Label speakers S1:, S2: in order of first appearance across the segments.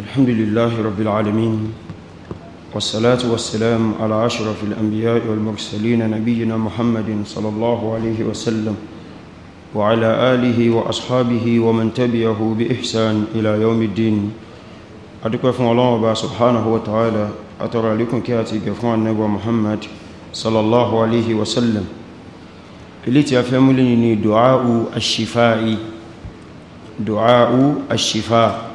S1: الحمد لله رب العالمين والصلاة والسلام على أشرف الأنبياء والمرسلين نبينا محمد صلى الله عليه وسلم وعلى آله وأصحابه ومن تبعه بإحسان إلى يوم الدين أدكوا فن الله وبا سبحانه وتعالى أترى لكم كاتي قفوان نبو محمد صلى الله عليه وسلم التي أفهم لني دعاء الشفاء دعاء الشفاء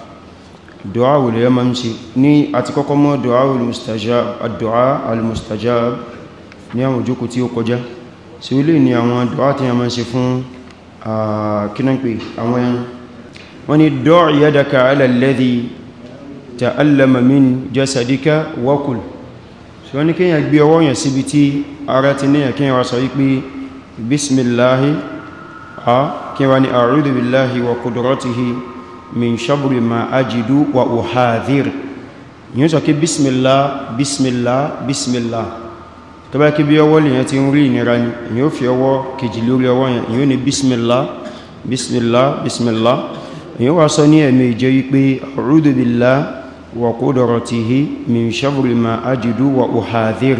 S1: dùáwùlù ya máa ń ṣe ní àti kọ́kọ́ mọ́ dùáwùlù mustajab àdùá al-mustajab ní àwọn òjókò tí ó kọjá sí ilé ni àwọn dùá tí a máa ṣe fún kínàpé àwọn ẹran wọ́n ni dọ́' yadaka ala alladhi ta'allama min jasadika wakul so wọ́n ni kíyàn gbé ọwọ́ yẹn síbi bismillahi ni a'udhu min shabri ma ajidu wa uhadhir yíò sọ kí bismillah bismillah bismillah tó bá kí bí ọwọ́ lè yẹn ti ń rí ìnira ni yíò fi ọwọ́ kejì lórí ọwọ́ yẹn yíò ní bismillah bismillah bismillah yíò wá sọ ní ẹ̀mẹ́ ìjẹ́ wípé a'udhu billah wa qudratihi min shabri ma ajidu wa uhadhir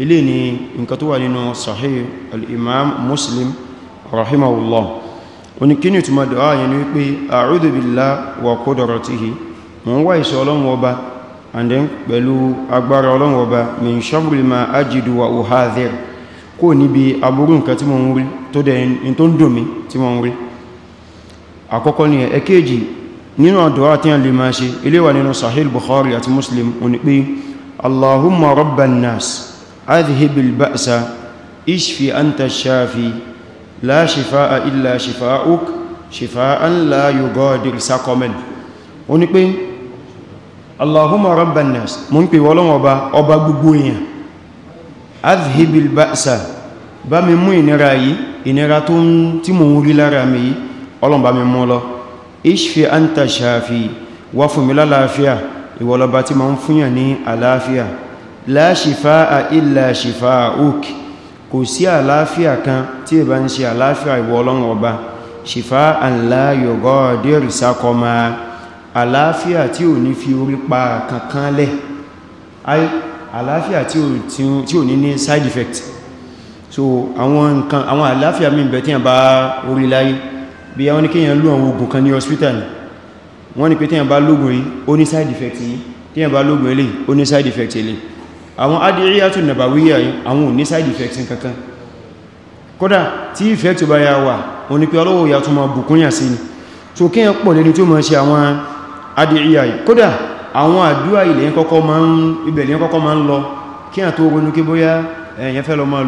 S1: ilé ni nǹkan tó wà nínú sahih al-imam muslim rahimahullah oníkíní tí ma dọ̀á yẹn ni wípé a'udhu billahi wa qudratihi mọ̀ ń wá ìṣọ́ ọlọ́run ọba and then pẹ̀lú agbára ọlọ́run ọba min sharri ma ajidu wa uhadhir kó níbi aburú nǹkan tí mo ń rí tó dẹ̀ in tó ń dùn mí tí mo ń rí àkọ́kọ́ la shifa'a illa shifa'uk shifa'an la yughadiru saqaman ó ní pé allahumma rabban nas mo ń pè wọ́lọ́wọ́ ọba ọba gbogbo èèyàn adhibil ba'sa bá mi mú ìnira yìí ìnira tó ń tí mo ń rí lára mi yìí ọlọ́mbà mi mú lọ ishfi anta shafi wá fún mi lálàáfíà ìwọ̀lọ́ba tí ma ń fúnyàn ní àlàáfíà la shifa'a illa shifa'uk kò sí àlàáfíà kan tí ìbá ń ṣe àlàáfíà ìwọ ọlọ́run ọba ṣìfá àlá yọ̀gọ́ dẹ́rì sákọmá àlàáfíà tí ò ní fi orí pa kankan lẹ̀ àlàáfíà tí ò ní ní side effect so àwọn nǹkan àwọn àlàáfíà mi bẹ̀ tí a bá orí láyé bí àwọn kíyàn àwọn ní hospital wọ́n ní pé tí a ní side effect yìí tí a bá lóògùn side effect eléyìí àwọn adìríyàtù nàbàwíyà àwọn òní side effects kankan kódà tí effect bá ya wà wọn ni pé ọlọ́wọ́ ya tún ma bùkúnyà sí ni so kí yẹn pọ̀ lẹ́ni tí ma ṣe àwọn adìríyà kódà àwọn àdúrà ilẹ̀ yẹn kọ́kọ́ ma ń lọ kí yẹn tó ronú kí bóyá ẹ̀yẹn eh, fẹ́ ma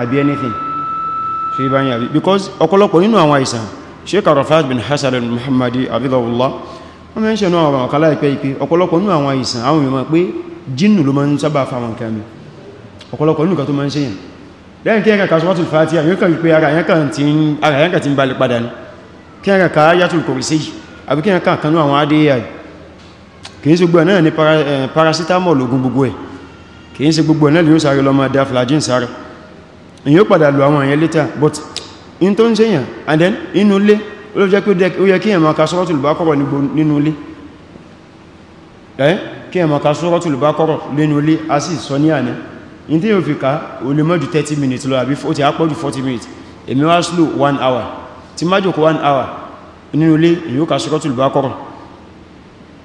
S1: anything because ọ̀pọ̀lọpọ̀ nínú àwọn àìsàn Sheikh Arafat bin Hasan muhammadi abidawullah wọ́n mẹ́ ń ṣe náà àwọn ọ̀kálá ìpẹ́ ìpẹ́ ọ̀pọ̀lọpọ̀ nínú àwọn àìsàn àwọn jinnu ló máa ń sábà fáwọn nǹkan mi ọ̀pọ̀lọpọ̀ nínú kan tó máa ń ṣèyàn lẹ́yìn kí ẹ̀kà kasuwatu fatiha yóò kàn pé ara yankan ti ń balẹ̀ padà ní kí ẹ̀kà ká yàtù kò rí sí àbí kí ẹ̀kà kanú àwọn adéyà kì í ṣe gbogbo náà ni paracetamol ogun gbogbo ẹ̀ kì í ṣe but in tó ń ṣèyàn and then inú ilé ó lọ jẹ́ pé ó yẹ kí ẹ̀mà kasuwatu bá nínú ilé kí ẹmọ ka Suratul Baqara lẹ́nu ilé a sì sọ ní àná in tí yóò fi ká o lè mọ́jú 30 minutes lọ àbí ó ti àpọ̀jù 40 minutes èmi wá slow 1 hour ti má jòkó 1 hour nínú ilé èyí ó ka Suratul Baqara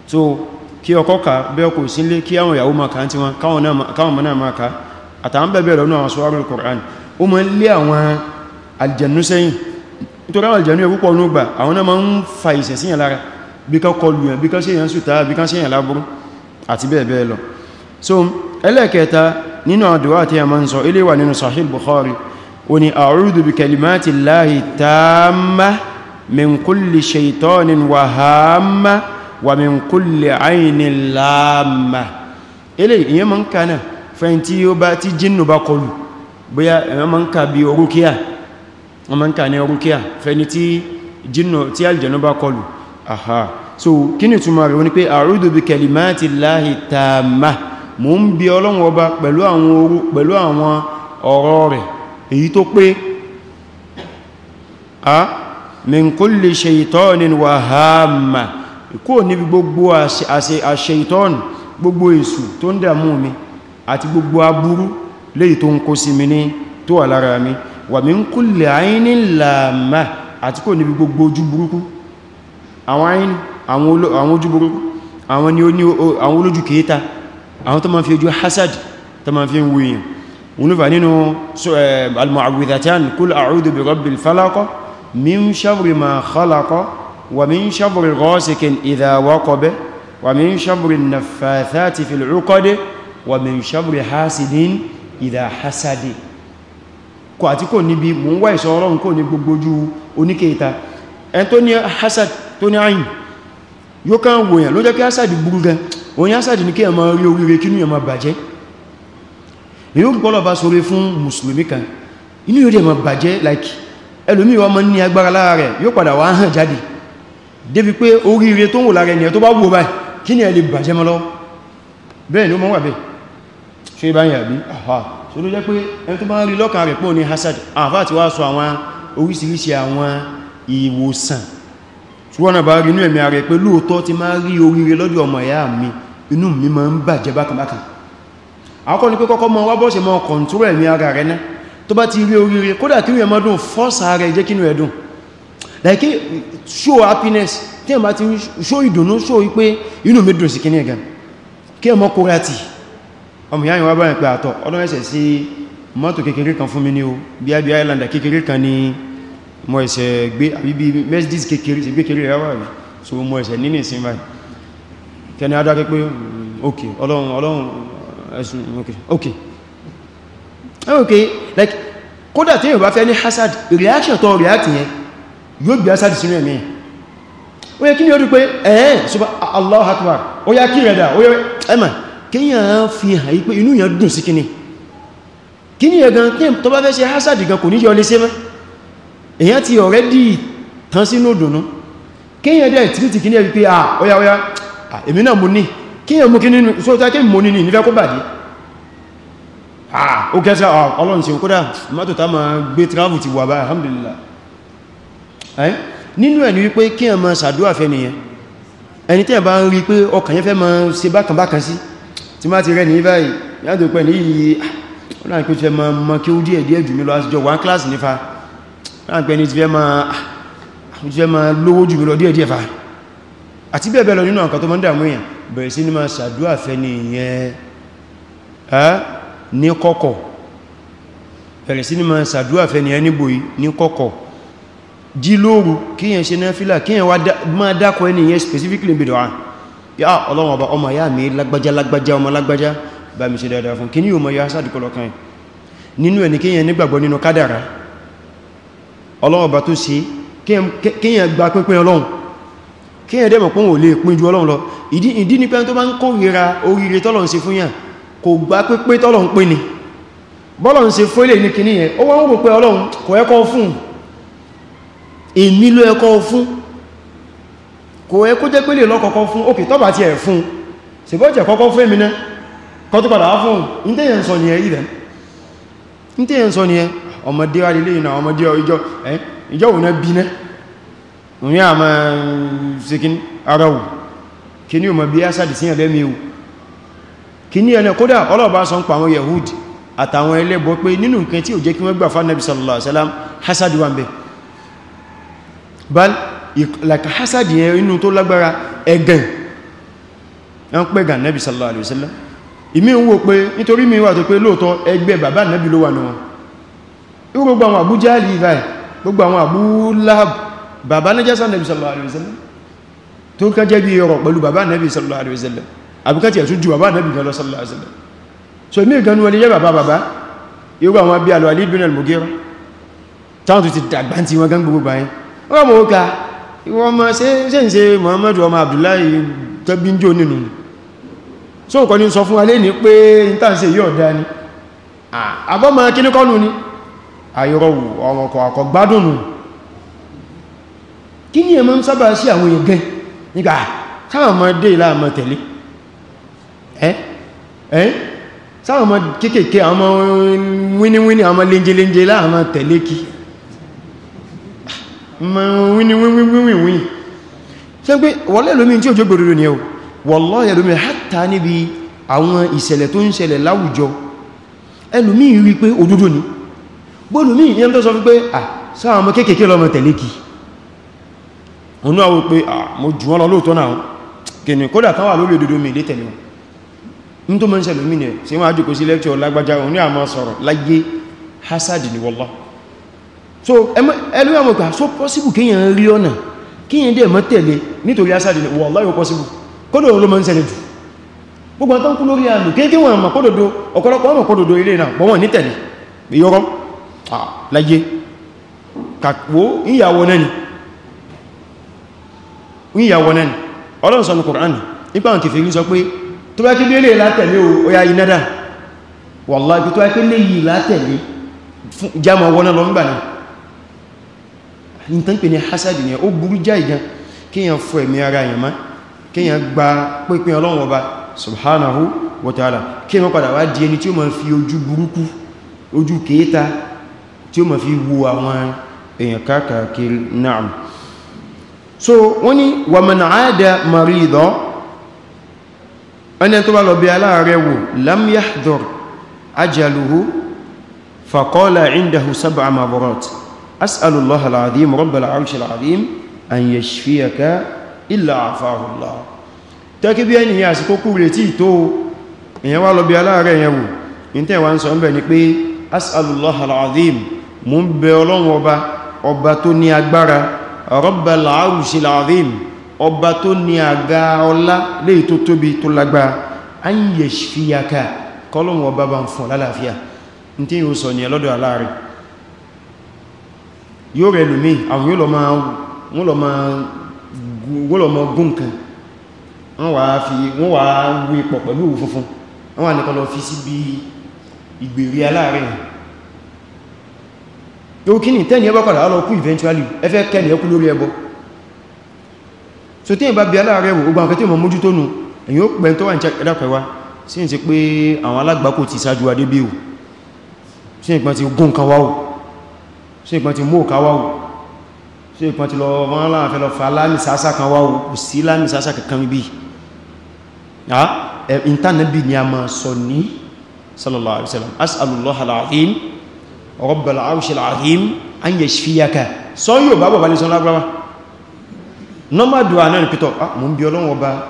S1: so kí ọkọ ka bẹ́ẹ̀ kò sílé kí àwọn ìyàwó ma kàá tí wọn káwọn mọ́ náà Qur'an ó ma ń lé àwọn aljannu sẹ́yìn nítorí àwọn aljannu ẹ̀púpọ̀ ní ọgbà àwọn náà ma ń fa ìsẹ̀síyàn lára bí kan kọlu yàn bí kan ṣe yàn sùta bí kan ṣe yàn láburú àti bẹ́ẹ̀ bẹ́ẹ̀ lọ so ẹlẹ́kẹta nínú àdúwà tí a máa ń sọ ilé wà nínú sahih bukhari o ni a'udhu bi kalimati llahi tamma min kulli shaitanin wa hamma wa min kulli aynin lamma ilé ìyẹn ma ń ka náà fẹ́yìn tí ó bá tí jinnu bá kọlù bóyá so kíni túmọ̀ rẹ̀ wọ́n pé a'udhu bi kalimati llahi tamma mo ń bi Ọlọ́run ọba pẹ̀lú àwọn orú pẹ̀lú àwọn ọ̀rọ̀ rẹ̀ èyí tó pé a min kulli shaytanin wa wà lára àti kó níbi gbogbo ojú burúkú àwọn ayni àwọn ojúburú àwọn olójú kìíta àwọn tó ma fi ojú hasad tó ma fi ń wuyìn ونفع نينو المعوذتان قل أعوذ برب الفلق من شر ما خلق ومن شر غاسك إذا وقب ومن شر النفاثات في العقد ومن شر حاسد إذا حسد kò àti kò níbi mò ń wá ìṣọ́ ọlọ́run kò ní gbogbo ojú oníkèta ẹn tó ní hasad tó ní àyìn yóò kàn wòyàn ló jẹ́ kí Asadi burú gan oyin Asadi ní kí ẹmọ rí oríire kínú ẹmọ bàjẹ́ èyí ó pọ́lọ̀ bá sóre fún mùsùlùmí kan inú yóò dẹ̀ mọ̀ bàjẹ́ like ẹlòmí ọmọ ní agbára lára rẹ̀ yóò padà wá hàn jáde débi pé oríire tó wò lára ẹniyàn tó bá wò báyìí kí ni ẹ lè bàjẹ́ mọ́ lọ bẹ́ẹ̀ ni ó mọ́ wà bẹ́ẹ̀ ṣe báyìí àbí àhá so ló jẹ́ pé ẹni tó bá rí lọ́kàn ṣùgbọ́n náà bá rí inú ẹ̀mí ara pé lóòótọ́ ti máa rí oríire lọ́dọ̀ ọmọ ìyá mi inú mi máa ń bàjẹ́ bákanbákan àkọ́kọ́ ni pé kọ́kọ́ mọ wá bọ́ṣe mọ kọ̀ntúrò ẹ̀mí ara rẹ̀ náà tó bá ti rí oríire kódà kí rẹ̀ mọ́dún fọ́sà rẹ̀ jẹ́ kínú ẹ̀dùn like show happiness tí ẹ̀mà ti show ìdùnnú show wípé inú mi dùn sí kíní ẹ̀gàn kí ẹ̀mọ́ kóra tì ọmọ ìyá ìwà bá rẹ̀ pé àtọ̀ ọdún ẹ̀sẹ̀ sí mọ́tò kékeré kan fún mi ní o bí i island kékeré kan ní mọ́ ẹ̀sẹ̀ gbé àbíbí mesdis kékeré sí gbékeré rẹ̀ wà rí so mọ́ ẹ̀sẹ̀ nínú ìsinmi báyìí kẹni adákẹ́ pé ok ọlọ́run ọlọ́run ẹ̀sùn ok ok like kódà tí yóò bá fẹ́ ní hasad reaction tó react yẹn yóò gbé hasad sínú ẹ̀mí ó yẹ kí ni ó rí pé ẹ̀ẹ́ ṣùgbọ́n allah akbar ó yá kí rẹ̀ dà ó yẹ ẹ̀mà kíyàn fi hàn yí pé inú yẹn dùn sí kíni kíni ẹ̀gan tó bá fẹ́ ṣe hasad gan kò ní yọ lé sí èyàn ti already tán sínú òdùnú kíyàn dẹ̀ tí tí kí ní ẹ̀rí pé ah ọya ọya èmi náà mo ní kíyàn mú kí nínú so tó kí mo ní ní nífẹ́ kó bàdí ah ó kẹsà ọlọ́run sí òkúdà ma gbé travel ti wà báyìí alhamdulillah nínú ẹ̀ ní wípé kíyàn ma sàdúwà fẹ́ nìyẹn ẹni tẹ́ bá ń rí pé ọkàn yẹn fẹ́ ma ṣe bákan bákan sí tí má ti ma mọ́ kí ó díẹ̀ díẹ̀ jù mí one class nífà láàpẹ́ ní ti fẹ́ máa lówó jù lọ díẹ̀díẹ̀ fa àti bẹ́ẹ̀bẹ́ẹ̀ lọ nínú àwọn kan tó máa ń dàmú èèyàn bẹ̀rẹ̀ sí ní máa ṣàdúrà fẹ́ ní ìyẹn ní kọ́kọ̀ bẹ̀rẹ̀ sí ní máa ṣàdúrà fẹ́ ní ẹni bòyí ní kọ́kọ̀ jí lóòrù kíyàn ṣe náfílà kíyàn wá máa dákọ̀ ẹni yẹn specifically bìdọ̀ à yá ọlọ́wọ̀n ọba ọmọ ya mi lágbájá lágbájá ọmọ lágbájá bá mi ṣe dáadáa fún kí ní yóò mọ ya sádìkọlọ nínú ẹni kíyàn nígbàgbọ́ nínú kádàrá ọlọ́run bá tó ṣe kíyàn gba pínpín ọlọ́run kíyàn dẹ̀mọ̀ pọ́n ò lè pín ju ọlọ́run lọ ìdí ní pẹ́n tó bá ń kórìíra oríire tọ́lọ̀ ń ṣe fún yàn kò gba pínpín tọ́lọ̀ ń pín ni bọ́lọ̀ ń ṣe fún ilé ní kìíní yẹn ó wọ́n rò pé ọlọ́run kò ẹkọ́ fún èmi ló ẹkọ́ fún kò ẹ kó jẹ́ pé lè lọ́kọ̀ọ́kọ́ fún òkè tọ́bà ti ẹ̀ fún ṣèbọ́jẹ̀ kọ́kọ́ fún èmi náà kọ́ tó padà wá fún ní tẹ́yẹ̀ ọmọdé wà lè yìí náà ọmọdé ọjọ́ ìjọ òun náà bínẹ́ òun yà máa ṣe ara wù kí ní ọmọ bí ásàdì sí ẹ̀lẹ́mí ewu kí ní ẹ̀nà kódà ọlọ́ọ̀bá sọ ń pa àwọn Yahud àtàwọn ẹlẹ́bọ pé nínú nǹkan tí ò jẹ́ kí wọ́n gbà sallallahu alaihi wasallam hasad bal like hasad yẹn inú tó lágbára ẹ̀gàn ń sallallahu alaihi wasallam ìmí ń wò pé nítorí mi wà tó gbogbo àwọn Abu Jahl ìbáyìí gbogbo àwọn Abu Lahab bàbá nájásá nẹ́bí sallallahu alaihi wasallam tó ká jẹ́ bí ọ̀rọ̀ pẹ̀lú bàbá nẹ́bí sallallahu alaihi wasallam àbúkàtí ẹ̀tún ju bàbá nẹ́bí gan lọ sallallahu alaihi wasallam so ní ìganú wọlé yẹ́ bàbá bàbá irú àwọn bí alọ́ Walid bin al-Mughira táwọn tó ti dàgbà tí wọ́n gán gbogbo báyìí wọ́n mọ̀ ókà wọ́n ma ṣe ń ṣe Muhammadu ni ayọ́rọ̀wù ọmọkọ̀ àkọgbádùnù kí ní ẹmọ́ ń sábà sí àwọn èèyàn gan nígbà sáàmọ́dé láàmọ́ tẹ̀lé ẹ́ ẹ́ sáàmọ́ kéèkéé àmọ́ wíníwíní àmọ́ léńjẹ́léńjẹ́ láàmọ́ tẹ̀lé kí wíníwíníwíníwíní ẹlùmí rí pé òdodo ni gbónú mí ní ẹm tó sọ fún pé ah sáwọn ọmọ kéèkéé lọ́mọ tẹ̀lé kí ọ̀nà àwọn pé ah mo jù wọ́n lọ lóòtọ́ náà kìnnì kódà kan wà lórí òdòdó mi lé tẹ̀lé wọn tó mọ́ ń sẹlẹ̀ mí ní ẹ̀ sí wọ́n ajókòó sí lẹ́kṣọ́ ni wọ́lá so ẹlú àwọn so possible kíyàn rí ọ̀nà kíyàn dẹ̀ mọ́ ni wọ́lá yóò possible kódò ló mọ́ ń sẹlẹ̀ jù gbogbo àtọ́kú lórí àmì kéèkéè wọn àmà kódòdó ọ̀pọ̀lọpọ̀ ọmọ kódòdó ilé náà bọ́wọ́n ní tẹ̀lé ìyọrọ́ láyé kàkó ìyàwó náà ni ìyàwó náà ni ọlọ́run sọ ní Kùránì nípa àwọn kèfèrí sọ pé tó bá kí lé látẹ̀lé oya inádà wàláhí tó bá kí lé yìí látẹ̀lé jámọ̀ wọ́nà lọ nígbà náà hasadi ni ó burú já ìgan kíyàn fọ ẹ̀mí ara èèyàn má kíyàn gba pínpín ọlọ́run ọba subhanahu wa ta'ala kíyàn padà wá di ẹni tí ó ma fi ojú burúkú ojú kéta tí ó ma fi wu àwọn èèyàn káàkiri na'am so wọ́n ni wà mọ̀nà àádá maridọ́ ẹni tó bá lọ bí aláàrẹ wò lam yahdhur ajaluhu faqala indahu sab'a marat as'alullah al'azim rabbal arsh al'azim an yashfiyaka illa afahu Allah tẹ́kí bí ẹni àsìkò mú ń bẹ ọlọ́run ọba ọba tó ní agbára Rabbal Arshil Azim ọba tó ní àga ọlá léè tó tóbi tó lágbà an yashfiyaka kọlọ́run ọba bá ń fún lálàáfíà ní tí yóò sọ ní ẹlọ́dọ̀ aláàrẹ̀ ìgbèrí aláàrẹ̀ yóò kí ní tẹ́ni ẹbọ́ padà lọ kú eventually ẹfẹ́ kẹ́ni ẹkú lórí ẹbọ so tí ìbá bí aláàrẹ wò gbogbo àkẹtí ìmọ̀ mójú tó nù èyí ó pẹ̀ tó wà ní ẹ̀dàpẹ̀wá sí ń ṣe pé àwọn alágbàkò ti sáájú adé bí o sí ìpọn ti gún kan wáwò sí ìpọn ti mú ọ̀ká wáwò sí ìpọn ti lọ wọ́n láàfẹ́ lọ fa láàmì sásá kan wáwò kò sí láàmì sásá kankan bí ìntánẹ́bì ni a máa sọ ní sallallahu alaihi wasallam as'alullaha alazim rabbal arshil azim an yashfiyaka sọ yóò bá bàbá ní sọ lágbára nọ́mà dùwà náà pítọ̀ mú bí ọlọ́run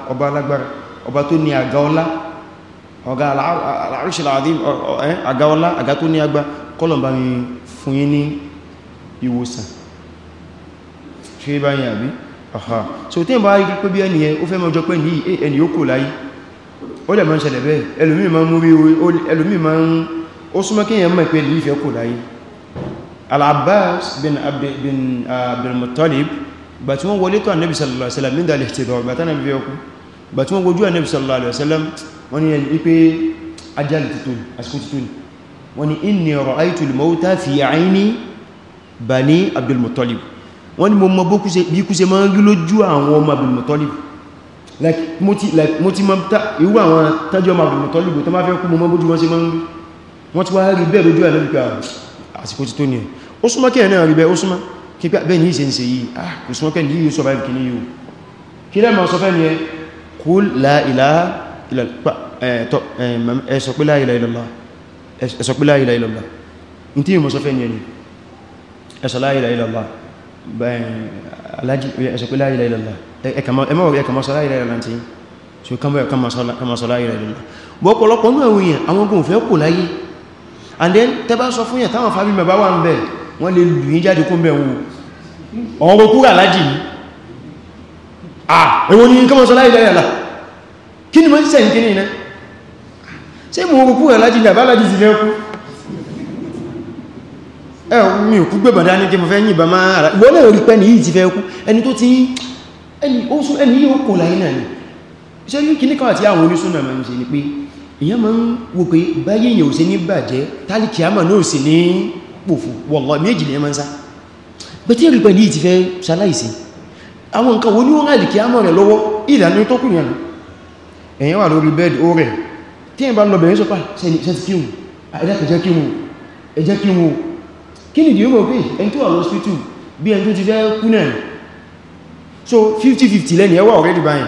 S1: ọba lágbára ọba tó ní àga ọlá ọ̀gá al-arshil azim àga ọlá àga tó ní agbá kọlọ̀mbá mi fún yí ní ìwòsàn ṣe bá yí àbí ọ̀há so tí ń bá rí pé bí ẹni ẹ ó fẹ́ ma ń ó súnmọ́ kí èyàn mọ̀ pé lè ìfẹ́ kò láyé al-abbas bin ah, abdulmuttalib bá tí wọ́n wọlé tó annabi sallallahu alaihi wasallam nígbà lè ti rọrùn bá tánàbí fẹ́ ọkú bá tí wọ́n gojú annabi sallallahu alaihi wasallam wọ́n ni wípé ajali titun àsìkò titun wọ́n ni inni ra'aytu al-mawta fi 'ayni bani abdulmuttalib wọ́n ni mo mọ bí kú ṣe máa ń rí lójú àwọn ọmọ abdulmuttalib like mo ti mọ irú àwọn tájú ọmọ abdulmuttalib tó máa fẹ́ kú mo mọ bójú wọn ṣe máa ń rí wọ́n ti wá rí bẹ́ẹ̀ lójú ànábì pé àsìkò ti tó ní ẹ̀ ó súnmọ́ kí ẹ̀nà rí bẹ́ẹ̀ ó súnmọ́ kí pé bẹ́ẹ̀ ní ìṣẹ́ ìṣẹ́ yìí ah kò súnmọ́ kẹ́ ní yíò survive kì ní yíò kí lẹ́ ma sọ fẹ́ ni ẹ kú la ilaha illallah ẹ sọ pé la ilaha illallah in tí yíò mọ́ sọ fẹ́ ni ẹni ẹ sọ la ilaha illallah ẹ sọ pé la ilaha illallah ẹ kà mọ́ sọ la ilaha illallah tí so kama sọ la ilaha illallah bọ́pọ̀lọpọ̀ náà wíyàn àwọn ogun òfẹ́ kò láyé and then tẹ bá sọ fún yẹn táwọn fàbí mẹ́bá wà ń bẹ̀ wọ́n lè lù yí jáde kún bẹ̀ wò ọ̀rọ̀ kúrà lájì ní ẹ̀wọ̀n ni kọ́mọ̀ sọ láìláì àlá kí ni mọ́ sí sẹ́yìn kíní iná ṣe mọ̀ ọ̀rọ̀ kúrà lájì ní àbálájì sí lẹ́kú ẹ mi ò kú gbẹ̀bà dání kí mo fẹ́ yìnbà máa ara ìwọ́n náà rí pẹ́ ní yìí ti fẹ́ kú ẹni to ti ẹni ó sún ẹni yóò kò láyé náà ni ṣe ní kíní kan àti àwọn oníṣúnà máa ń ṣe ni pé ìyẹn ma ń wò pé báyé èyàn ò sí ní bàjẹ́ tálíkì àmà náà sì ní pòfò wọ̀lọ̀ méjì ní ẹmà ń sá pé tí ìrìpẹ̀ ní ìtìfẹ́ ṣaláìsí àwọn nǹkan wo ní wọ́n rálìkì àmà rẹ̀ lọ́wọ́ ìlànà tó kù yàn èyàn wà lórí bẹ́ẹ̀dì ó rẹ̀ tí ẹ̀ bá lọ bẹ̀rẹ̀ sọpá sẹ́ni 50-50 lẹ́ni ẹwà ọ̀rẹ́dì báyìí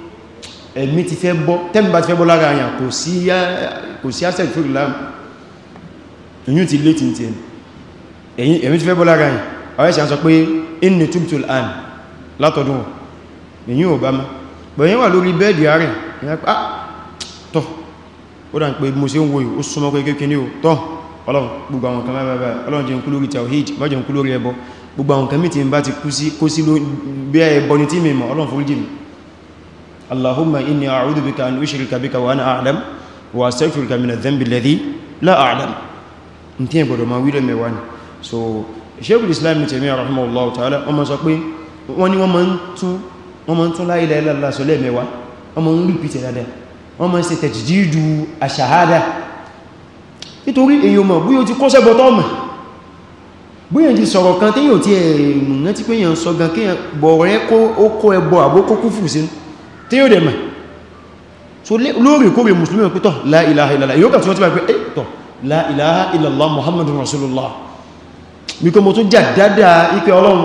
S1: ẹ̀mí ti fẹ́ bọ́ tẹ́mì bá ti fẹ́ bọ́ lára àyà kò sí asset fún ìlàmù ìyún ti lé tìntì ẹ̀mí ẹ̀mí ti fẹ́ bọ́ lára àyà ọ̀rẹ́ sàn sọ pé inni tubtul an látọdún ìyún ò bá má bẹ̀yìn wà lórí bẹ́ẹ̀dì àárín ah tọ́ ó dà ń pé mo ṣe ń wo yìí ó súnmọ́ pé kékeré o tọ́ ọlọ́run gbogbo àwọn kan bá bá ọlọ́run jẹun kú lórí tawhid اللهم إني أعوذ بك أن أشرك بك وأنا أعلم وأستغفرك من الذنب الذي لا أعلم انتين بودو ما ويلو ميوان so Shaykhul Islam ní Taymiyyah rahimahullahu ta'ala wọ́n ma sọ pé wọ́n ni wọ́n ma ń tún la ilaha illallah sọ lẹ́ẹ̀mẹ́wàá wọ́n ma ń rí pìtẹ̀ dáadáa wọ́n ma ń ṣe tajdidu ash-shahada nítorí èyàn mọ̀ bóyá ti kọ́sẹ̀ bọ́tọ́ mọ̀ bóyá ti sọ̀rọ̀ kan tí yóò ti ẹ̀rìn rántí pé yàn sọ gan kí yàn bọ̀rẹ́ kó ẹbọ àbókókúfù sínú tí yóò dẹ̀ mẹ́ so lórí kórí musulmi pítọ̀ la ilaha illallah yóò kàtí wọ́n ti bá pé ẹ̀tọ̀ la ilaha illallah muhammadun rasulullah mi kò mọ̀ tó jà dáadáa ipẹ́ ọlọ́run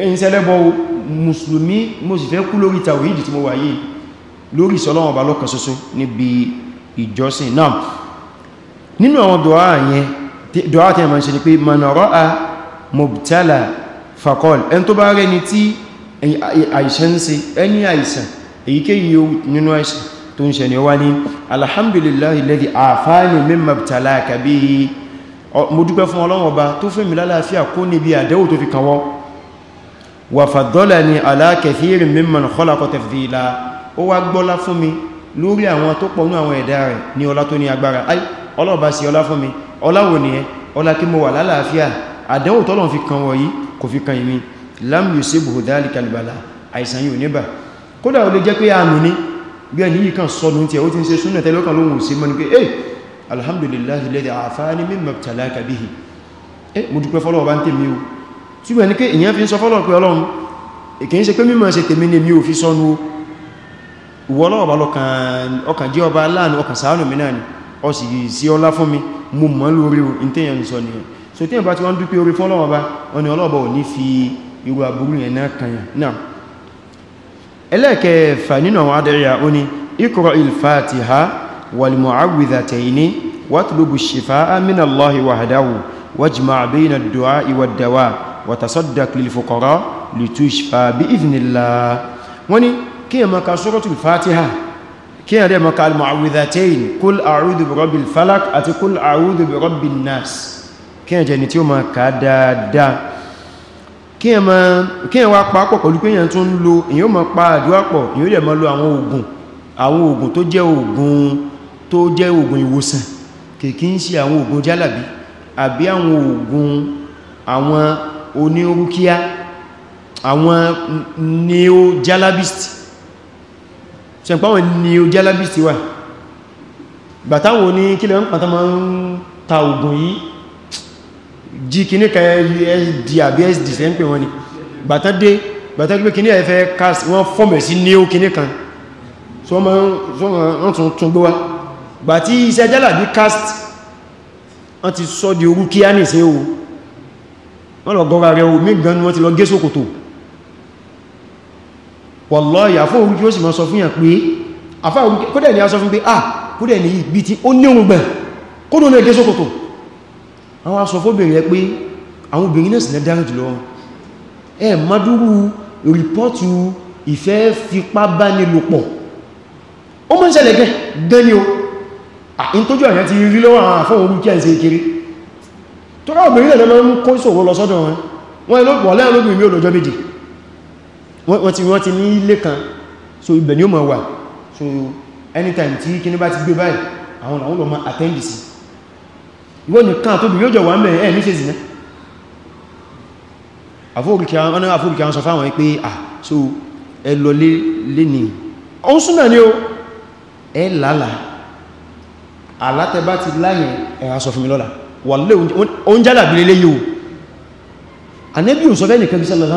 S1: ẹ̀yin sẹ́lẹ́bọ̀ musulmi mo sì fẹ́ kú lórí tàwíìdì tí mo wà yìí lórí ìsọ́lọ́wọ̀n ọba lọ́kan ṣoṣo níbi ìjọsìn náà nínú àwọn dọ́wà yẹn dọ́wà tẹ́ ma ẹni àìsàn èyíkéyìí nínú ẹ̀sìn tó ń ṣe ni ó wá ní alhamdulillahi alladhi afani mimma ibtalaka bihi mo dúpẹ́ fún Ọlọ́run ọba tó fún mi lálàáfíà kó níbi àdẹ́wò tó fi kanwọ́ wa faddalani ala ó wá gbọ́lá fún mi lórí àwọn tó pọ̀ àwọn ẹ̀dá rẹ̀ ní ọlá tó ní agbára ay ọlọ́ọ̀bá sí ọlá fún mi ọlá wo nìyẹn ọlá kí mo wà lálàáfíà kódà ó lè jẹ́ pé àánú ní bí ẹni yìí kan sọ́nù tí ó ti ń ṣe súnà tẹ́lọ́kan lóhun sí mọ́ ní pé eh alhamdulillah alladhi afani mimma ibtalaka bihi eh mo dúpẹ́ fọ́lọ́wọ́ bá ń tèmi o ṣùgbọ́n ní pé èyàn fi ń sọ fọ́lọ́ pé ọlọ́run èkìí e ṣe pé mímọ̀ ṣe tèmi ni mi ò fi sọ́nù ìwọ́lọ́wọ́ bá lọ́kàn jẹ́ ọba ni ọ o so tí èyàn bá ti wọ́n dúpẹ́ orí fọ́lọ́wọ́ bá wọn ni ọlọ́ọ̀bọ̀ ò fi irú aburú yẹn náà kanyàn náà ẹlẹ́ẹ̀kẹfà nínú àwọn adẹ́rẹ́yà ó ní ikọ̀rọ̀ il-fatiha wal-mu'awwidhatayni watlubu shifa'a min Allahi wahdahu wajma' bayna ad-du'a'i wad-dawa wa tasaddaq lil-fuqara litushfa bi'idhnillah wọ́n ní kí kí ẹ̀ wá pàápọ̀ pẹ̀lú pé èyàn tún ń lo èyàn máa pa àdúrà pọ̀ èyàn lè máa lo àwọn ogun àwọn oògùn tó jẹ́ oògùn tó jẹ́ oògùn ìwòsàn kìkí ń ṣe àwọn oògùn jálàbí àbí àwọn oògùn àwọn onírúkíá àwọn neo-jalabist jí kí ní kan usd àbí sd ṣe ń pè wọ́n ni bàtán dé bàtán gbé kí ní ẹ̀fẹ́ cast wọ́n fọ́mẹ̀ sí ní ó kí ní kan so wọ́n tún tún gbówá bà tí iṣẹ́ jálà bí cast wọ́n ti sọ di orú kí á ní ṣe o wọ́n lọ gọ́ra rẹ̀ omi gan wọ́n ti lọ gé sókòtò wallahi fún orú kí ó sì mọ́ sọ fún yàn pé àfá orú kódẹ̀ a sọ fún pé ah kódẹ̀ ni ìgbí tí ó ní òun gbẹ̀ kódò náà gé sókòtò àwọn aṣọ fóbìnrin rẹ pé àwọn obìnrin náà sì lẹ́ dára jùlọ ẹ madúrú rìpọ́tù ìfẹ́ fipá bá ní lòpọ̀ ó mọ́ ìṣẹ̀lẹ̀ gẹ́ dẹ́ni o in tójú àyà ti rí lọ́wọ́ àwọn àfọ́ orú kí ẹ̀sẹ̀ kiri tó rá obìnrin lẹ́lọ́ ń kó ìṣòro lọ sọ́dọ̀ wọn wọ́n ilé pọ̀ lẹ́yìn olóbìnrin yóò lọ́jọ́ méjì wọ́n ti wọ́n ti ní ilé kan so ibẹ̀ ni ó mọ̀ wà so anytime tí kíní bá ti gbé báyìí àwọn àwọn lọ máa attend sí ìwọ́n nìkan tó bí yóò jọ wà ń bẹ̀rẹ̀ ẹ̀ ní ṣe zìnà afóòkìkì àwọn sọ fáwọn pé à so ẹ lọ lé ní ọun súnà ní o ẹ lálàá alátẹbá ti láyẹn ẹ̀rà sọ fún mi lọ́la wà lé oúnjẹ́ àbílé lé yóò anẹ́bí ò sọ nìkan bí sẹ́lọ̀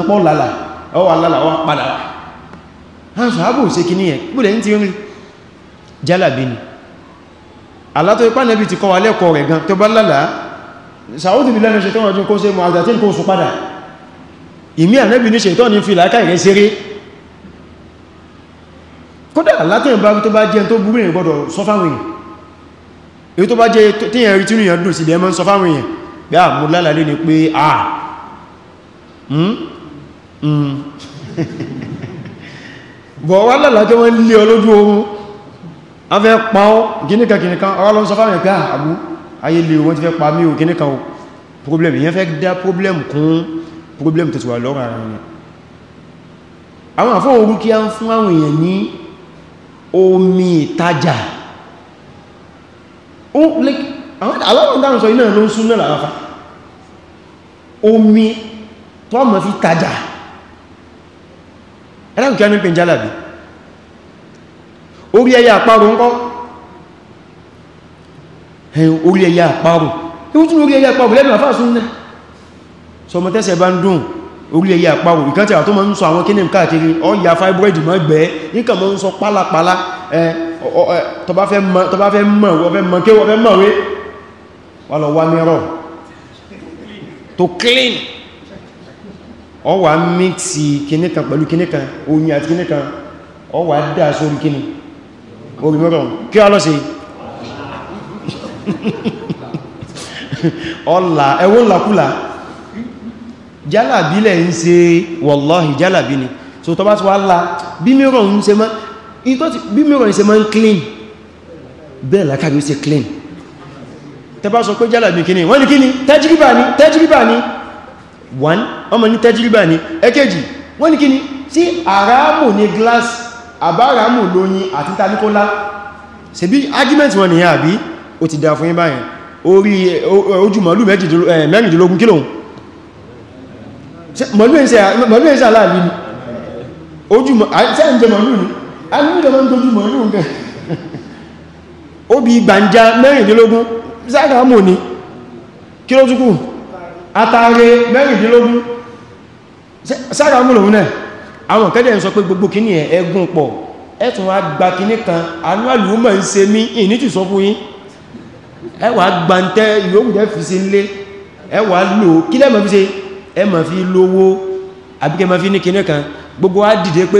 S1: sápọ̀ alátọ́ ipá nẹ́bí ti kọ́ wa lẹ́kọ̀ọ́ rẹ̀ gan tó bá lálá sàúdì bí lẹ́nu ṣetán ọdún kó se mọ̀ àgbàtí kó sùn padà ìmí ànẹ́bí ní ṣetán ní fi làákà rẹ̀ ṣeré kódà látọ́ ìbá tó bá jẹ́ tó burú èyàn gbọ́dọ̀ sọ fáwọn èyàn èyí tó bá jẹ́ tíyàn rí tínú yàn dùn sí lẹ́mọ́ a mú lálà lé ni pé hmm, hmm. a bọ̀ wá lálà tó wọ́n lé ọlójú oorun a fẹ́ pa ọ́ gíníkan gíníkan ọ̀rọ̀ lọ sọ fáwọn ẹ̀pẹ́ àgbú ayé lè wọ́n ti fẹ́ pa mí o gíníkan o problem ìyẹn fẹ́ dá problem kún problem tó ti wà lọ́rọ̀ ara rẹ̀ àwọn àfọ́ orú kí a ń fún àwọn èèyàn ní omi ìtajà aláwọ̀n dáhùn sọ iná ló ń sún náà lára omi tọ́mọ̀ fi tajà ẹ̀rọ kí a ní pẹ̀njálàbí orí ẹyà àparò ń kọ́ orí ẹyà àparò ewu tún orí ẹyà àparò lẹ́nu àfáà sún náà sọmọ tẹ́sẹ̀ bá ń dùn orí ẹyà àparò ìkántí àtọ́ ma ń sọ àwọn kíní káàkiri ọ̀yà fáibúrẹ́dì mọ́ gbẹ́ níkà mọ́ ń sọ pálapàla tó bá fẹ́ mọ̀ wọ́n fẹ́ mọ̀ kí wọ́n fẹ́ mọ̀ wé wà lọ wá mẹ́rọ̀ tó clean ọ wà mix kìníkan pẹ̀lú kìníkan oyin àti kìníkan ọ wà dá sórí kìníkan orí mẹ́rọ̀ kí ọ lọ sí ọlá ẹwọ́ ńlákúlá jálàbí lẹ̀ ń ṣe wọ́lọ́hì jálàbí ni so tọba tí wá lá bí mẹ́rọ̀ ń ṣe máa ń clean bẹ́ẹ̀ lákàrí ó ṣe clean tẹba sọ pé jálàbí kíní wọ́n ni kíní tẹ́jìríbà ni tẹ́jìríbà ni wọ́n ọmọ ní tẹ́jìríbà ni ẹ̀kejì wọ́n ni kíní sí àrámù ní glass àbáramù lóyìn àti taníkólá ṣe bí argument wọn nìyà àbí o ti dá fún yín báyìí orí ojú mọ̀lú eh, mẹ́rìndínlógún kílò mọ̀lú ẹ̀ṣẹ́ aláàbí ojú mọ̀lú ní obi gbànjá mẹ́rìndínlógún zágàmù ní kí ló túnkù àtàrẹ mẹ́rìndínlógún zágàmù lòun náà àwọn kẹ́dẹ̀ ń sọ pé gbogbo kíní ẹ̀ ẹgùn pọ̀ ẹ̀tùn wá gba kíní kan anú àlùmọ̀ ń ṣe mí ìní ti sọ fún yín ẹwà gbàntẹ́ ìyóògùnjẹ́ fi sí lé ẹwà lò kí lẹ́ máa fi ṣe ẹ máa fi lówó àbíkẹ́ máa fi ní kíní kan gbogbo á dìde pé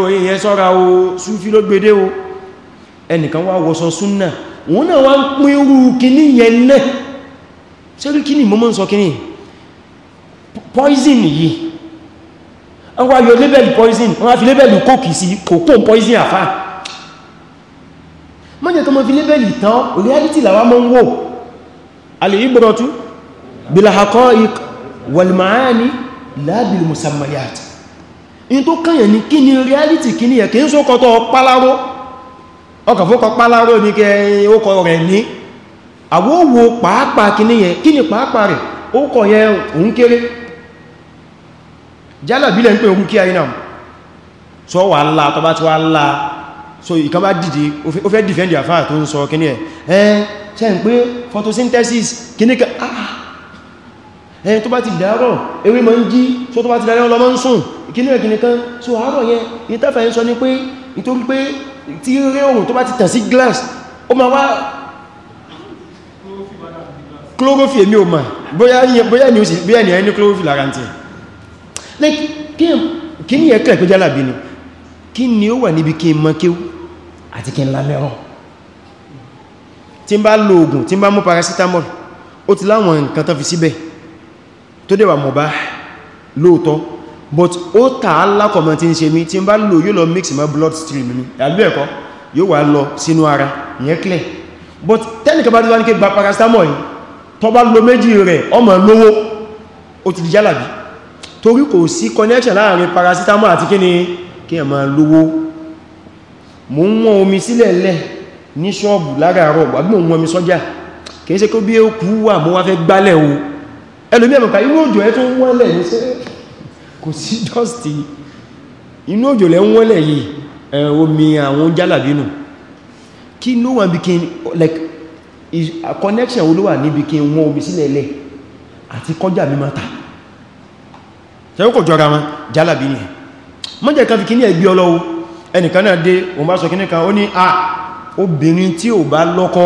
S1: o ìyẹn sọ́ra o súnfí ló gbede o ẹnìkan wá wọṣọ súnnà òun náà wá ń pín irú kíní yẹn náà poison yìí wọ́n wá yọ label poison wọ́n fi label kòkì sí kòkó poison àfá mọ́jẹ̀ tó mọ́ fi label ìtàn reality làwá mọ́ ń wò al-ibratu bil-haqa'iq wal-ma'ani la bil-musammayat in tó kànyẹ̀ ní kí ni reality kí ni ẹ̀ kí ń só kọtọ́ páláró ọkà fókọ jálàbí lẹ́ ń pè orúkí ayé náà so wà ńlá tó bá ti wá ńlá so ìkan bá dìde ó fẹ́ defend your fire tó ń sọ kíní ẹ̀ ẹ́ ṣe ń pé photosynthesis kíní ká ah, ah. ẹ̀ tó bá ti dárọ̀ ewé ma ń jí so tó bá ti dárẹ́ ọlọ́mọ ń sùn kíní ẹ̀ kíní kan so àárọ̀ yẹn ìtafẹ́ ń sọ ní pé nítorí pé tí rẹ̀ òrùn tó bá ti tàn sí glass ó ma wá chlorophyll èmi ò mà bóyá ni ó sì bóyá ni ẹni chlorophyll lára ti like kí ní ẹ̀kẹ́ ìpé jálàbí ni kí ni ó wà níbi kí n mọ́ kéwú àti kí n lámẹ́rán tí n bá lo oògùn tí n bá mú paracetamol ó ti láwọn nǹkan tán fi síbẹ̀ tó dẹ̀wà mọ̀ bá lóòtọ́ but ó tà á lákọ̀mọ́ tí ń ṣe mí tí n bá lo yóò lọ mix my blood stream mi àbí ẹ̀kọ́ yóò wà lọ sínú ara ìyẹn but tẹ́nìkan bá dúwá ní kí gba paracetamol yìí tó bá lo méjì rẹ̀ ọmọ lówó ó ti di torí kò sí connection láàrin paracetamol àti kíni kí ẹ máa lówó mo ń wọ́n omi sílẹ̀ lẹ̀ ní ṣọ́ọ̀bù láràárọ̀ àbí mo ń wọ́n omi sọ́jà kìí ṣe kó bí ó kú wà mo wá fẹ́ gbálẹ̀ o ẹlòmí ẹ̀mọ̀ká inú òjò ẹ tó ń wọ́lẹ̀ ní sẹ́ kò sí dọ́stì inú òjò lẹ ń wọ́lẹ̀ yìí omi àwọn jálàbínú kí ló wà bí kí like connection olówà níbi kí wọ́n omi sílẹ̀ lẹ̀ àti kọjá mi mata tẹ́wọ́ kò jọra wọn jálàbí ní mọ́ jẹ́ kan fi kíní ẹgbẹ́ ọlọ́wọ́ ẹnìkan náà dé o bá sọ kíní kan ó ní à obìnrin tí ò bá lọ́kọ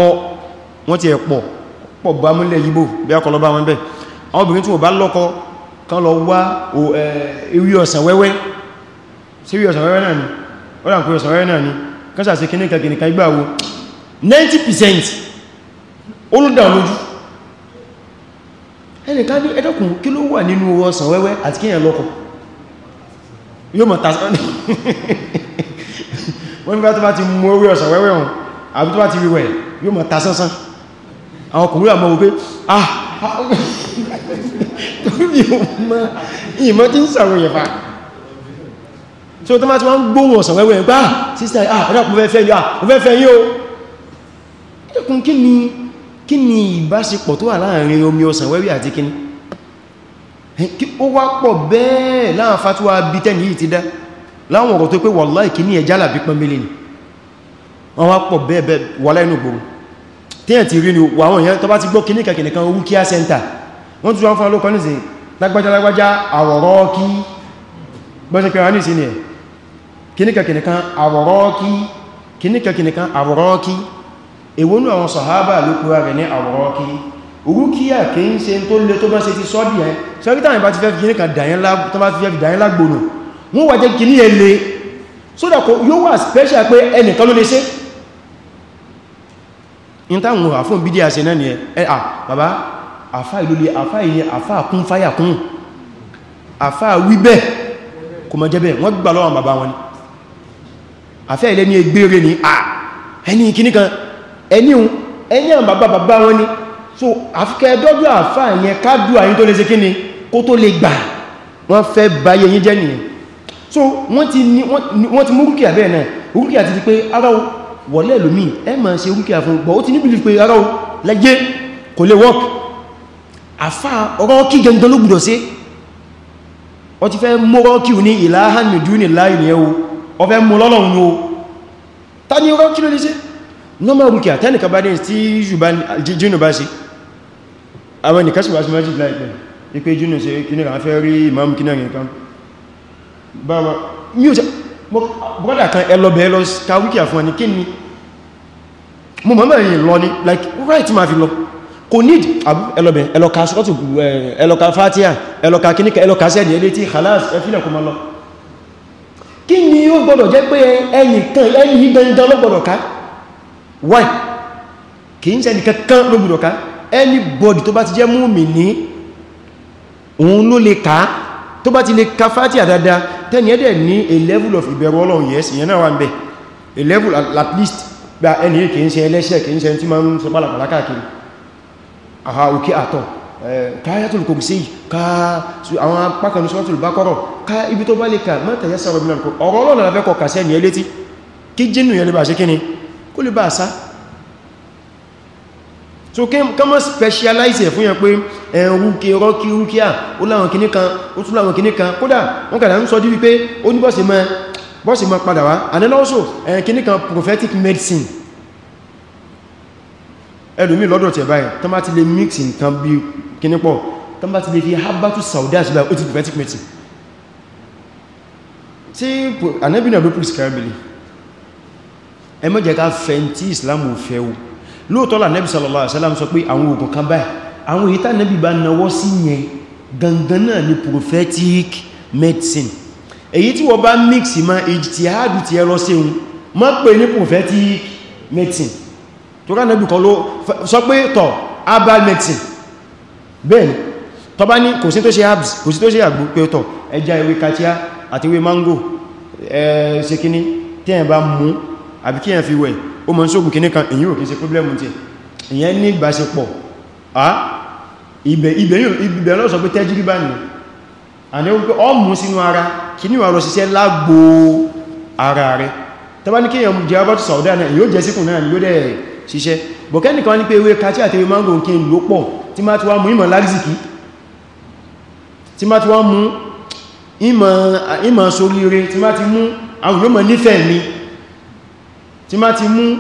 S1: wọ́n ti ẹ̀pọ̀ pọ̀ bá múlẹ̀ yíbò bí akọlọ wọn bẹ́ ni ó rà ń ni kan sàṣe kíní kan kíní kan igbáwo 90% olùdàn ẹnìkan ní ẹ̀dọ́kùn kí ló wà nínú ọsàn wẹ́wẹ́ àti kíyàn lọ́kọ̀ yóò mọ̀ tàṣán ní wọ́n nígbà tó bá ti mú orí ọsàn wẹ́wẹ́ hàn àbí tó bá ti wíwẹ̀ yóò mọ̀ tàṣánsán àwọn ọkùnrin àmọ́ wípé ah ìmọ̀ tí ń sàròyẹ̀ fa so tó má ti wọ́n ń gbóhùn ọ̀sán wẹ́wẹ́ gbá sísẹ̀ ah kí ni ìbáṣepọ̀ tó wà láàrin omi ọsàn wẹ́wẹ́ àti kíní ó wá pọ̀ bẹ́ẹ̀ láwọn fatuwa bí tẹ́ni yìí ti dá láwọn ọ̀rọ̀ tó pé wallahi kíní ẹjá làbí pọ́nbílẹ̀ ni wọ́n wá pọ̀ bẹ́ẹ̀ wà lẹ́nu gbòrò ni wàwọn èèyàn tó bá ti gbọ́ kíní kàkìnì kan owó kíá sẹ́ntà wọ́n tún wọ́n fún ọlọ́pàá nìsìn lágbájá lágbájá ni ẹ̀ kíní kàkìnì kan àwọ̀rọ̀ kí kíní kàkìnì èwónú àwọn sàhábà ló kúrò rẹ̀ ní àwọ̀rọ̀kí orúkíyà kí ń ṣe tó lè tó bá ṣe ti sọ́dí ẹ sọ́rítà ìbá ti fẹ́ fi kíníkà dáyẹ́ lágbónù wọ́n wà jẹ́ kíní ẹ lè sódà kò yóò wà special pé ẹnìkan ló lè ṣe in táwọn wà fún bídí àṣẹ náà ni ẹ à bàbá àfá ìlúlé àfá ìyẹ àfá kún fáyà kún àfá wíbẹ̀ kò mọ̀ jẹ́bẹ̀ wọ́n gbà lọ́wọ́ bàbá wọn ni àfẹ́ ilé ní egbére ni à ẹni kíníkan ẹniun ẹniyan bàbá bàbá wọn ni so àfikẹ́ dọ́dọ̀ àfà yẹn kádù àyín tó lè ṣe kíni kó tó lè gbà wọ́n fẹ́ báyé yí jẹ́ nìyàn so wọ́n ti mú rúkìá bẹ́ẹ̀ náà rúkìá ti di pé ara wọlé lómi ẹ ma ṣe rúkìá fún gbọ́ ó ti níbi pé ara lẹ́gbẹ́ kò lè wọ́k àfà ọ̀rọ̀ kí gẹndọ́ ló gbùdọ̀ sí wọ́n ti fẹ́ mú rọ́kì ní ìlàhánìdú ní láì ní ẹwọ́ ọ fẹ́ mú lọ́lọ́run ní o ta ni rọ́kì ló lè ṣe normal rukia tẹ́nì kan bá dé tí jínú bá sí àwọn ìnìkan síwá sí magic light ẹ̀ ipé jínú sí kínú ra fẹ́ rí imam kínú rìn kan bá wọn ní ò sẹ́ bọ́dà kan ẹlọ́bẹ̀ ẹlọ́ ká rukia fún ẹni kíni mo mọ́ mẹ́rin lọ ni like right ma fi lọ kò ní ẹlọ́bẹ̀ ẹlọ́ka sọ́tù ẹlọ́ka fatia ẹlọ́ka kíníkà ẹlọ́ka sẹ́ni ni tí khalas ẹfílẹ̀ kò mọ́ lọ kí ni ó gbọ́dọ̀ jẹ́ pé ẹnìkan ẹni dandan lọ́gbọ̀dọ̀ ká why kìí ṣe ẹni kankan ló gbùdọ̀ ká anybody tó bá ti jẹ́ múmi ní òun ló lè ká tó bá ti lè ka fàtí àdáadáa tẹ́ni ẹ́dẹ̀ ní a level of ìbẹ̀rù ọlọ́run yes ìyẹn náà wà ń bẹ̀ a level at least gba ẹni yìí kìí ṣe ẹlẹ́ṣẹ̀ kìí ṣe tí ma ń sọ pàlàpàlà káàkiri àha òkè àtọ̀ káyàtùl kò sí ká àwọn apákanu sọ́tùl bá kọ́rọ̀ ká ibi tó bá lè ká mẹ́tẹ̀yẹsọ̀rọ̀ bí náà ọ̀rọ̀ ọlọ́run àfẹ́kọ̀ọ́ kà sẹ́ni ẹlétí kí jínú yẹn lè bà ṣe kíni kó lè bá sá so kọmọ specialize fún yẹn pé ẹ̀rùkẹ rọ́kí rúkíà ó láwọn kìní kan ó tún láwọn kìní kan kódà wọ́n kàdà ń sọ dí wípé ó ní bọ́sì mọ́ bọ́sì mọ́ padà wá and then also kìní kan prophetic medicine ẹlòmí lọ́dọ̀ tẹ̀ báyìí tán bá ti lè mix nǹkan bí kìní pọ̀ tán bá ti lè fi habatu saudas báyìí ó ti prophetic medicine tí ànẹ́bìnà ló prescribe e ẹ má jẹ́ ká fẹ́ tí islam ò fẹ́ o lóòtọ́ nẹ́bí sallallahu alaihi wasallam sọ pé àwọn oògùn kan báyìí àwọn èyí tá nẹ́bí bá nawọ́ sí yẹn gangan náà ni prophetic medicine èyí tí wọ́n bá mix ma ijtihadu ti ẹ lọ sí ohun má pè ní prophetic medicine tó rá nẹ́bí kan ló sọ pé tọ̀ herbal medicine bẹ́ẹ̀ni tọ́ bá ní kò sí tó ṣe herbs kò sí tó ṣe àgbò pé tọ̀ ẹja ewé katia àti ewé mango ẹ̀ẹ́ ṣe kíní tẹ́ẹ̀ bá mú àbí kí èyàn fi wẹ̀ ó mọ̀ sóògùn kìíní kan èyí ò kìí ṣe problem tí èyàn ní ìbáṣepọ̀ à ibẹ̀ lọ́sọ pé tẹ́jírí bá ní àní ó pé ọmù sínú ara kì ní wàrọ̀ síṣẹ́ lágbò ara rẹ̀ tàbá ní kíyàn jẹ́ abátù sauda náà yóò jẹ́ síkùn náà yóò dẹ̀ ṣiṣẹ́ bọ̀kẹ́nìkan ní pé ewé kàtí àti ewé mango kí n ló pọ̀ tí má ti wá mú ìmọ̀ lágìsìkí tí má ti wá mú ìmọ̀ sóríire tí má ti mú àwọn yóò mọ̀ nífẹ̀ẹ́ mi tí má ti mú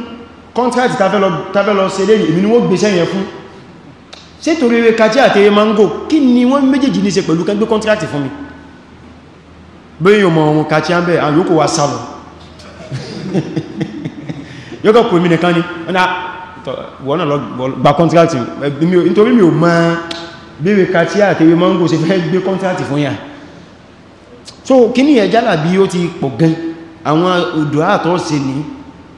S1: contract tafẹ́ lọ ṣe lẹ́yìn ni wọ́n gbèsè yẹn fún ṣé torí rẹ̀ kàtí àtẹ́yẹ mango kí ni wọ́n méjèèjì ní ṣe pẹ̀lú kẹgbẹ́ contract fún mi bẹ́yìn wa sálọ yọ́kọ̀ pè mí nìkan ni wọ́n náà lọ gba contract nítorí mi ò mọ̀ bẹ́rẹ̀ mango ṣe fẹ́ gbé contract so kí ni ẹjálà bí ó ti pọ̀ gan àwọn òdò àtọ́ ṣe ní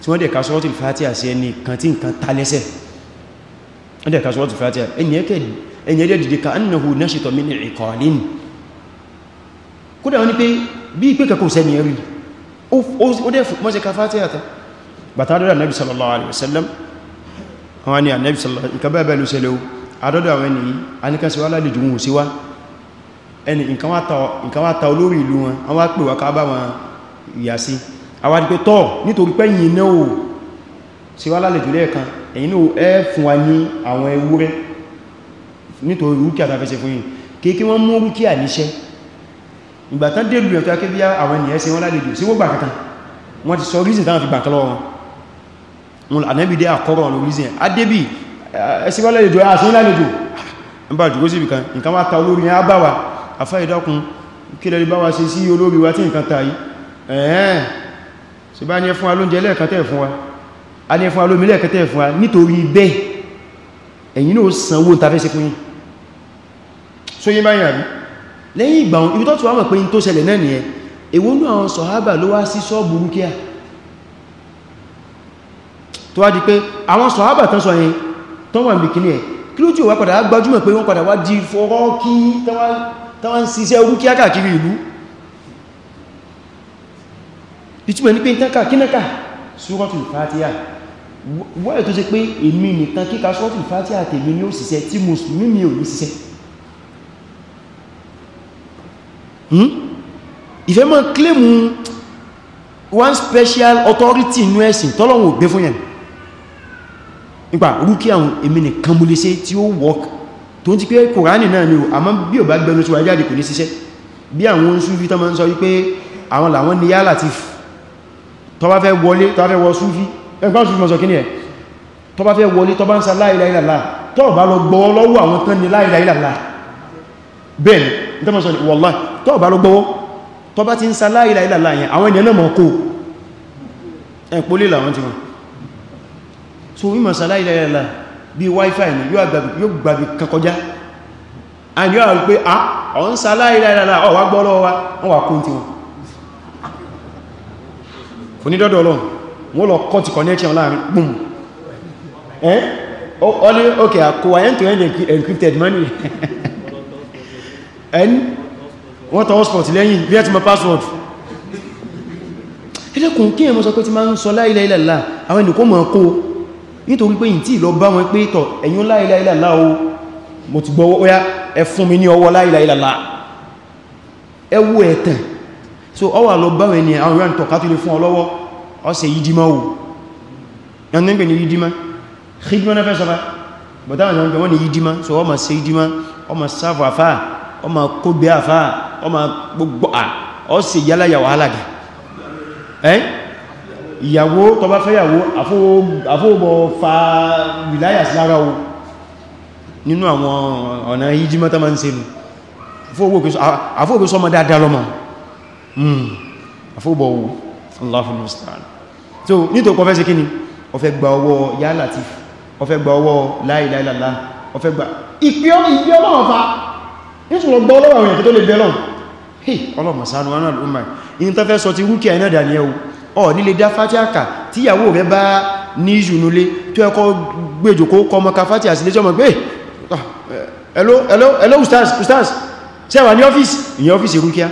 S1: tí wọ́n dẹ̀ ka sọ́rọ̀tì fàtíà sí ẹni kan tí nǹkan ta lẹ́sẹ̀ wọ́n dẹ̀ ka sọ́rọ̀tì fàtíà ẹni ẹ̀dẹ̀ dìde ka annahu nashito min iqalin kódà wọ́n ni pé bí i pé kẹ́kọ́ sẹ́ni ẹ̀rí ó dẹ̀ mọ́ sí ka fàtíà ta bàtà dọ́dọ̀ annabi àwọn àdìpẹ́ tọ́ nítorí pé yìí náà ò sí wá lálẹ̀ jùlẹ̀ kan ẹ̀yin náà ẹ fún wa ní àwọn ewúrẹ́ nítorí rúkí àtàfẹ́sẹ̀ fún yìí kéèké wọ́n mú rúkí àníṣẹ́ ìgbàtán dèlù ẹ̀tọ́ akébí àwọn ènìyàn sí wọ́n lálejò sí wọ́gbà kankan wọ́n ti sọ rízìn táwọn fi gbà kan lọ́wọ́ wọn ànẹ́bì dé sí bá ní ẹ fún wa lóúnjẹ lẹ́ẹ̀kẹ́tẹ́ fún wa a ní ẹ fún wa lómi lẹ́ẹ̀kẹ́tẹ́ fún wa nítorí bẹ́ẹ̀ ẹ̀yin náà sanwó tafẹ́ sí fún yín so yí báyìí àbí lẹ́yìn ìgbà ibi tó tí wọ́n mọ̀ pé in tó ṣẹlẹ̀ náà nìyẹn èwo ní àwọn sọ̀hábà ló wá sí ṣọ́ọ̀bù rúkíà tó wá di pé àwọn sọ̀hábà tán sọ yẹn tán wà bìkíní ẹ̀ kí ló tí wọ́n padà gbajúmọ̀ pé wọ́n padà wá di fọ́rọ́ kí tán wá ń ṣiṣẹ́ rúkíà káàkiri ìlú ìtumọ̀ ní pé ìtànkà kínàkà Suratul Fatiha wọ́yẹ̀ tó ṣe pé èmi nìkan kíkà Suratul Fatiha tèmi ní òṣìṣẹ́ tí mùsùlùmí mi ò ní ṣiṣẹ́ hmm? ìfẹ́ mọ́ kílèmù one special authority inú ẹ̀sìn tọ́lọ́wọ̀n ò gbé fún yẹn nípa rúkí àwọn èmi nìkan mú lè ṣe tí ó work tó ń ti pé kòránì náà ni ò àmọ́ bí ò bá gbẹnu tí wà jáde kò ní ṣiṣẹ́ bí àwọn oṣù sọ wípé àwọn làwọn ni yá latif tó bá fẹ́ wọlé tó bá fẹ́ wọ súfí ẹgbẹ́ súfí mọ̀sọ̀ kíní ẹ̀ tó bá fẹ́ wọlé tó bá ń sa la ilaha illallah tó bá lọ gbọ́ lọ́wọ́ àwọn tán ni la ilaha illallah bẹ́ẹ̀ ni tó mọ̀sọ̀ wallahi tó bá lọ gbọ́ tó bá ti ń sa la ilaha illallah yẹn àwọn ènìyàn náà mọ̀ kó ẹ̀pọ̀ lè làwọn ti wọn so mímọ̀ sa la ilaha illallah bí wifi ni yóò gbàgbì kankọjá and yóò rí pé a ah, ọ̀n sa la ilaha illallah ọ̀wà gbọ́ lọ́wọ́ wa wọ́n wà kó ti wọn onídọ́dọ̀ ọlọ́run wọ́n lọ cut connection láàrin boom ẹ́ ọlé ok àkọwà end-to-end encrypted money ẹni wọ́n tọ́ hotspot lẹ́yìn bí ẹ ti mọ password ẹlẹ́kùn kí ẹmọ sọ pé ti máa ń sọ la ilaha illallah àwọn ènìyàn kó mọ̀ kó nítorí pé yìí tí lọ bá wọn pé tọ̀ ẹ̀yin la ilaha illallah o mo ti gbọ́ ó yá ẹ fún mi ní ọwọ́ la ilaha illallah ẹ wo ẹ̀tàn so ọ wà lọ báwọn ni àwọn ìrìn tọ̀ká tó lè fún ọlọ́wọ́ ọsẹ̀ yídímá o yàn ní pè ní yídímá ṣígbọ́n náà fẹ́ sọfá bọ̀táwọn ìjọba wọ́n ni yídímá so ọmọ sí yídímá ọmọ sáfà àfá ọmọ kóbẹ àfá ọmọ gbogbo à ọsẹ̀ yálà yàwó alága ẹ́ ìyàwó tó bá fẹ́ yàwó àfóòbọ̀ fa wìláyàs lára o nínú àwọn ọ̀nà yídímá tó máa ń ṣe nù àfóòbọ̀ sọmọ dáadáa lọ́mọ àfóbọ̀wò Allahu musta'an so nítorí kò fẹ́ ṣe kíni ó fẹ́ gba ọwọ́ ya latif ó fẹ́ gba ọwọ́ la ilaha illallah ó fẹ́ gba ìpíọ́ ìpíọ́ náà fa nítorí gbọ́ ọlọ́wọ́ àwọn èèyàn tó lè bẹ́lọ́n hey ọlọ́mọ̀ sánú wọn náà lọ́mọ̀ ìyìn tó fẹ́ sọ ti rúkẹ́ ẹ̀nà dà ní ẹwù ọ nílé dá fátíàkà tíyàwó rẹ bá ní ìṣùnulé tó ẹkọ́ gbèjòkó kọmọka fátíà sílé jọmọ̀ pé ah, eh, hello hello hello ustaz ustaz ṣé wà ní ọ́fíìsì ìyẹn ọ́fíìsì rúkẹ́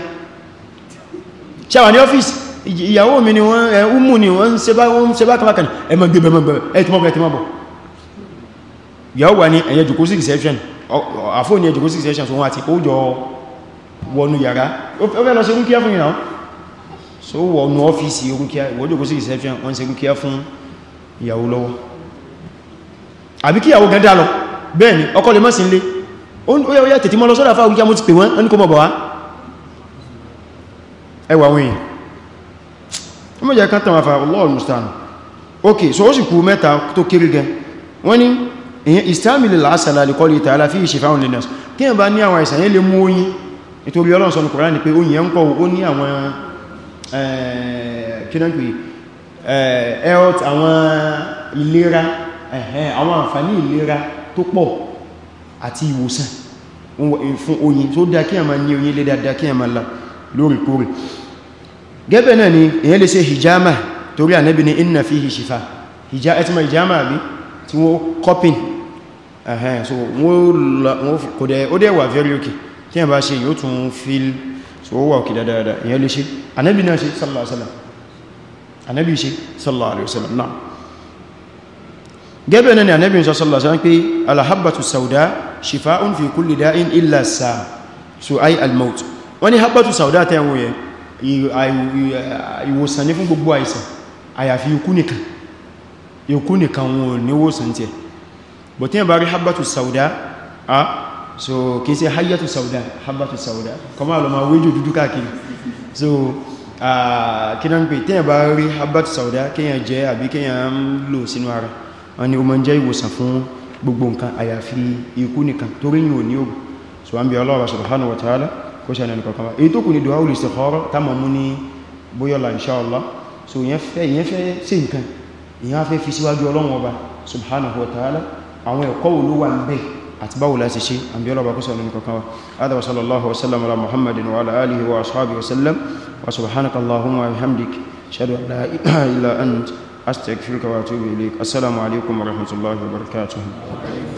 S1: ṣàwà ní ọ́fíìsì ìyàwó mi ni wọ́n ẹ̀húnmù ni wọ́n ṣe bá kàbákan ẹmọ gbẹ̀bẹ̀ mọ̀bẹ̀ ẹ̀tìmọ̀bẹ̀ ẹ̀tìmọ̀bọ̀ yàwó wà ní ẹ̀yẹ jùkú sí reception àfóòní ẹ̀jùkú sí reception fún wá ti ó jọ wọnú yàrá ó fẹ́ lọ ṣe rúkíá fún ìrànwọ́ so wọnú ọ́fíìsì rúkíá ìwọ́jùkú sí reception wọ́n ṣe rúkíá fún ìyàwó lọ́wọ́ àbí kí ìyàwó gan dá lọ bẹ́ẹ̀ ni ọkọ lè mọ́ sí ilé ó yẹ tètè mọ́ lọ sọ́dà fáwọn rúkíá mo ti pè wọ́n ní kó mọ̀ bọ̀ wá ẹwà àwọn èèyàn ó mọ́ jẹ́ kántà wà fàá lọ́wọ́ mùsùlùmí ok so ó sì kú mẹ́ta tó kéré gẹ wọ́n ni èyàn istamili lásàlá lè kọ́lì ìtàlá fi ìṣẹ́fàún lè nẹ́sù kí ẹ bá ní àwọn àìsàn yẹ́ lè mú oyin nítorí Ọlọ́run sọ ní Kùránì ni pé oyin ẹ ń kọ́ ó ní àwọn kínánkì health àwọn ìlera àwọn àǹfààní ìlera tó pọ̀ àti ìwòsàn fún oyin tó dá kí ẹ máa ní lóòrèkóòrè gẹ́bẹ̀ náà ni èyàn lè ṣe hijama torí ànábì ni inna fihi shifa ẹtìmọ̀ hijama àbí tí wọ́n kọ́pìn ẹ̀hẹ́n so wọ́n kò dẹ̀ ó dẹ̀ wà very okay tí yàn bá ṣe yóò tún feel so ó wà òkè dáadáa èyàn lè ṣe ànábì náà ṣe sallallahu alaihi wasallam ànábì ṣe sallallahu alaihi wasallam náà gẹ́bẹ̀ náà ni ànábì ń sọ sallallahu alaihi wasallam pé alhabatu sauda shifa'un fi kulli da'in illa wọ́n ní habbatu sauda ta yawon yẹ ìwòsàn ní fún gbogbo àìsàn àyàfi ikú nìkan ikú nìkan wọn níwòsàn tí ẹ bọ̀ tí yẹn bá rí habbatu sauda a so kìí ṣe hayyatu sauda habbatu sauda kọmọ alọ́mà wéjò dúdú káàkiri so kí náà ń pè tí yẹn bá rí habbatu sauda kíyàn jẹ àbí kíyàn ń lò sínú ara wọn ni ó jẹ́ ìwòsàn fún gbogbo nǹkan àyàfi ikú nìkan torí yìí ò ní ogun so wọ́n bí Allah subhanahu wa kó ṣe ẹnu kọ̀kan èyí tó kù ní du'a istikhara táàmà mú ní bóyọ́lá insha Allah so ìyẹn fẹ́ ìyẹn fẹ́ sí nǹkan ìyẹn fẹ́ fi síwájú ọlọ́run ọba subhanahu wa ta'ala àwọn ẹ̀kọ́ wo ló wà ń bẹ̀ àti báwo láti ṣe àbí ọlọ́ba kó ṣe ẹnu kọ̀kan wa adàwà sallallahu wa sallam ala muhammadin wa ala alihi wa ashabi wa sallam wa subhanaka allahumma wa bihamdik shadu la ilaha illa ant astaghfiruka wa atubu ilayk assalamu alaikum wa rahmatullahi wa barakatuh